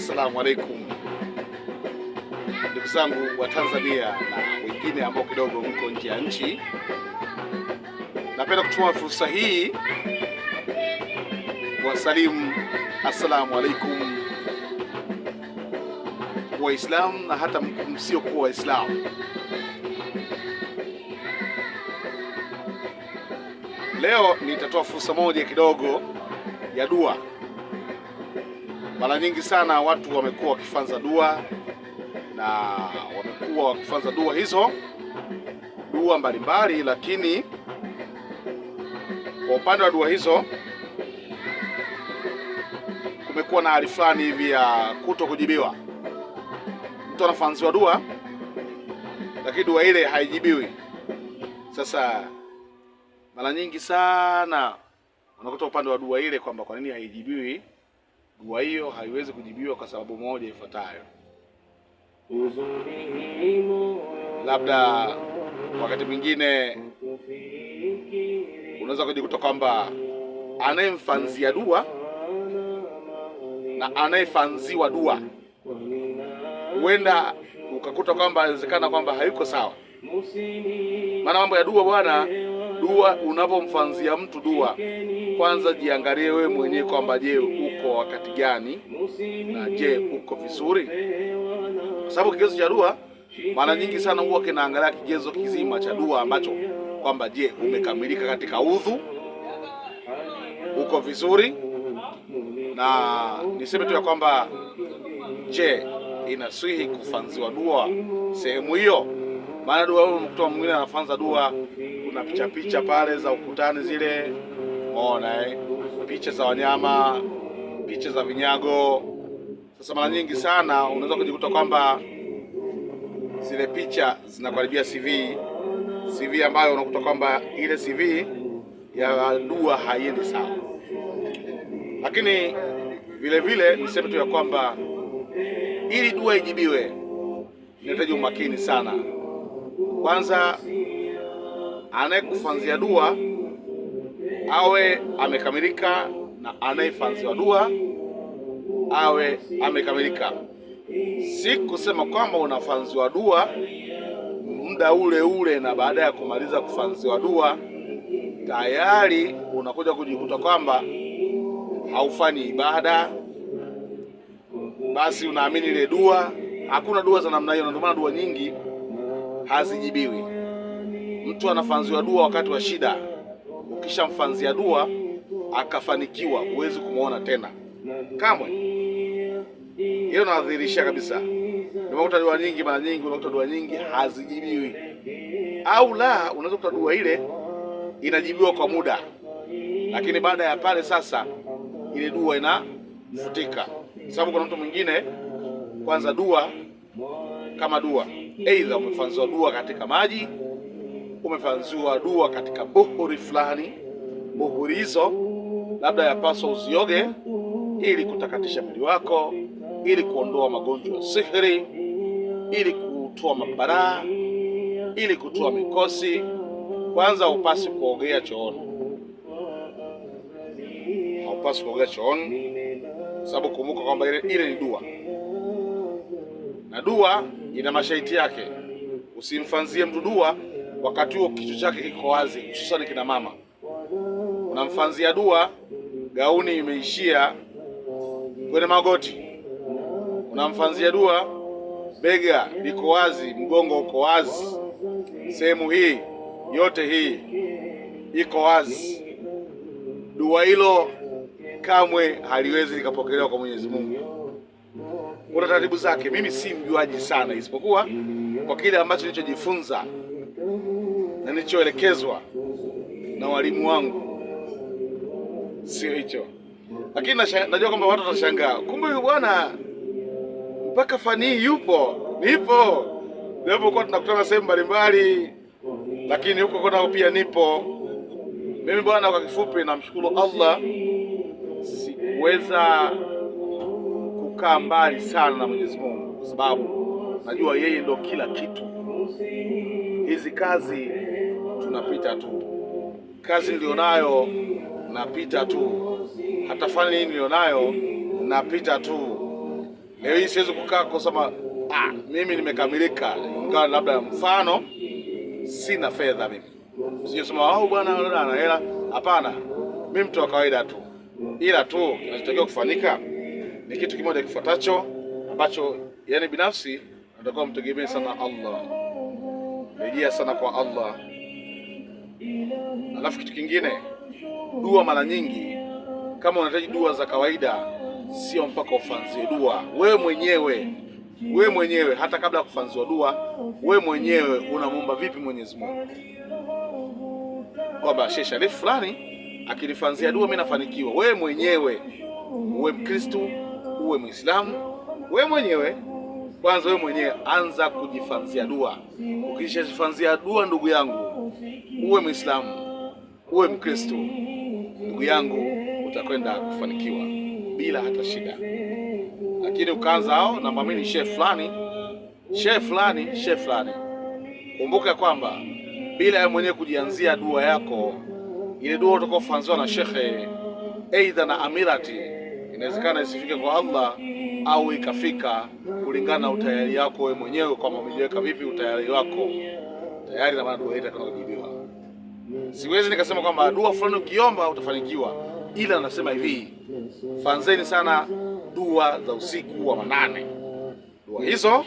Assalamu alaikum ndugu zangu wa Tanzania na wengine ambao kidogo mko nje ya nchi, napenda kuchukua fursa hii kuwasalimu assalamu alaikum Waislamu na hata msiokuwa Waislamu. Leo nitatoa fursa moja kidogo ya dua mara nyingi sana watu wamekuwa wakifanza dua na wamekuwa wakifanza dua hizo dua mbalimbali, lakini kwa upande wa dua hizo kumekuwa na hali fulani hivi ya kuto kujibiwa. Mtu anafanziwa dua lakini dua ile haijibiwi. Sasa mara nyingi sana unakuta upande wa dua ile kwamba kwa nini haijibiwi Dua hiyo haiwezi kujibiwa kwa sababu moja ifuatayo. Labda wakati mwingine unaweza kujikuta kwamba anayemfanzia dua na anayefanziwa dua huenda ukakuta kwamba inawezekana kwamba hayuko sawa, maana mambo ya dua bwana dua unapomfanzia mtu dua, kwanza jiangalie wewe mwenyewe kwamba je, uko wakati gani, na je uko vizuri? Kwa sababu kigezo cha dua mara nyingi sana huwa kinaangalia kigezo kizima cha dua ambacho kwamba je, umekamilika katika udhu, uko vizuri, na niseme tu ya kwamba je, inaswihi kufanziwa dua sehemu hiyo maana dua huyo mkuta mwingine anafanza dua, kuna picha picha pale za ukutani zile maona eh, picha za wanyama, picha za vinyago. Sasa mara nyingi sana unaweza kujikuta kwamba zile picha zinakaribia CV, CV ambayo unakuta kwamba ile CV ya dua haiendi sawa, lakini vile vile niseme tu ya kwamba ili dua ijibiwe inahitaji umakini sana. Kwanza, anayekufanzia dua awe amekamilika na anayefanziwa dua awe amekamilika. Si kusema kwamba unafanziwa dua muda ule ule na baada ya kumaliza kufanziwa dua tayari unakuja kujikuta kwamba haufanyi ibada, basi unaamini ile dua. Hakuna dua za namna hiyo, na ndio maana dua nyingi hazijibiwi. Mtu anafanziwa dua wakati wa shida, ukishamfanzia dua akafanikiwa, huwezi kumwona tena kamwe. Hiyo nadhihirishia kabisa. Nimekuta dua nyingi, mara nyingi unakuta dua nyingi hazijibiwi, au la, unaweza kuta dua ile inajibiwa kwa muda, lakini baada ya pale sasa ile dua inafutika, sababu kuna mtu mwingine kwanza dua kama dua Aidha umefanzua dua katika maji, umefanzua dua katika buhuri fulani. Buhuri hizo labda yapaswa uzioge ili kutakatisha mwili wako, ili kuondoa magonjwa ya sihiri, ili kutoa mabaraa, ili kutoa mikosi. Kwanza upasi kuogea chooni, upasi kuogea chooni, sababu kumbuka kwamba ile, ile ni dua na dua ina mashaiti yake. Usimfanzie mdudua wakati huo kichwa chake kiko wazi, hususani kina mama. Unamfanzia dua, gauni imeishia kwenye magoti. Unamfanzia dua, bega liko wazi, mgongo uko wazi, sehemu hii yote hii iko wazi. Dua hilo kamwe haliwezi likapokelewa kwa Mwenyezi Mungu kuna taratibu zake. Mimi si mjuaji sana, isipokuwa kwa kile ambacho nilichojifunza na nilichoelekezwa na walimu wangu, sio hicho. Lakini najua kwamba watu watashangaa, kumbe huyu bwana mpaka fani hii yupo. Nipo napokuwa tunakutana sehemu mbalimbali, lakini huko kuna pia nipo mimi bwana. Kwa kifupi, namshukuru Allah sikuweza kukaa mbali sana na Mwenyezi Mungu, kwa sababu najua yeye ndo kila kitu. Hizi kazi tunapita tu, kazi nilionayo napita tu, hata fani hii nilionayo napita tu. Leo hii siwezi kukaa kusema ah, mimi nimekamilika, ingawa labda mfano sina fedha mimi, sijasema au bwana ana hela. Hapana, mimi mtu wa kawaida tu, ila tu kinachotakiwa kufanyika ni kitu kimoja kifuatacho ambacho yani binafsi natakuwa mtegemee sana Allah, rejea sana kwa Allah. Alafu kitu kingine, dua mara nyingi, kama unahitaji dua za kawaida, sio mpaka ufanzie dua wewe mwenyewe. we mwenyewe hata kabla ya kufanziwa dua, we mwenyewe unamwomba vipi Mwenyezi Mungu kwamba Sheikh Sharifu fulani akinifanzia dua mimi nafanikiwa? Wewe mwenyewe, uwe Mkristo uwe Muislamu we mwenyewe kwanza, wewe mwenyewe anza kujifanzia dua. Ukishajifanzia dua, ndugu yangu, uwe Muislamu uwe Mkristo, ndugu yangu, utakwenda kufanikiwa bila hata shida. Lakini ukaanza hao na mwamini shehe fulani shehe fulani shehe fulani, kumbuka kwamba bila wewe mwenyewe kujianzia dua yako, ile dua utakaofanziwa na shekhe, aidha na amirati inawezekana isifike kwa Allah au ikafika kulingana na utayari wako wewe mwenyewe, kwamba umejiweka vipi utayari wako tayari, na maana dua hii itakayojibiwa. Siwezi nikasema kwamba dua fulani ukiomba utafanikiwa, ila nasema hivi, fanzeni sana dua za usiku wa manane. Dua hizo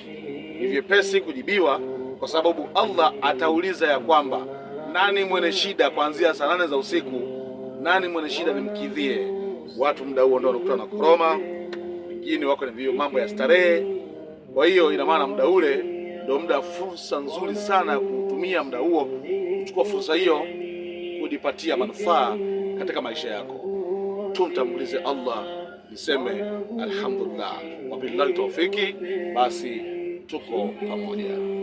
ni vyepesi kujibiwa, kwa sababu Allah atauliza ya kwamba nani mwenye shida kuanzia saa nane za usiku, nani mwenye shida nimkidhie watu muda huo ndio wanakuta na koroma, wengine wako na mambo ya starehe. Kwa hiyo ina maana muda ule ndio muda, fursa nzuri sana ya kuutumia muda huo, kuchukua fursa hiyo kujipatia manufaa katika maisha yako. tumtambulize Allah, niseme alhamdulillah, wabillahi taufiki. Basi tuko pamoja.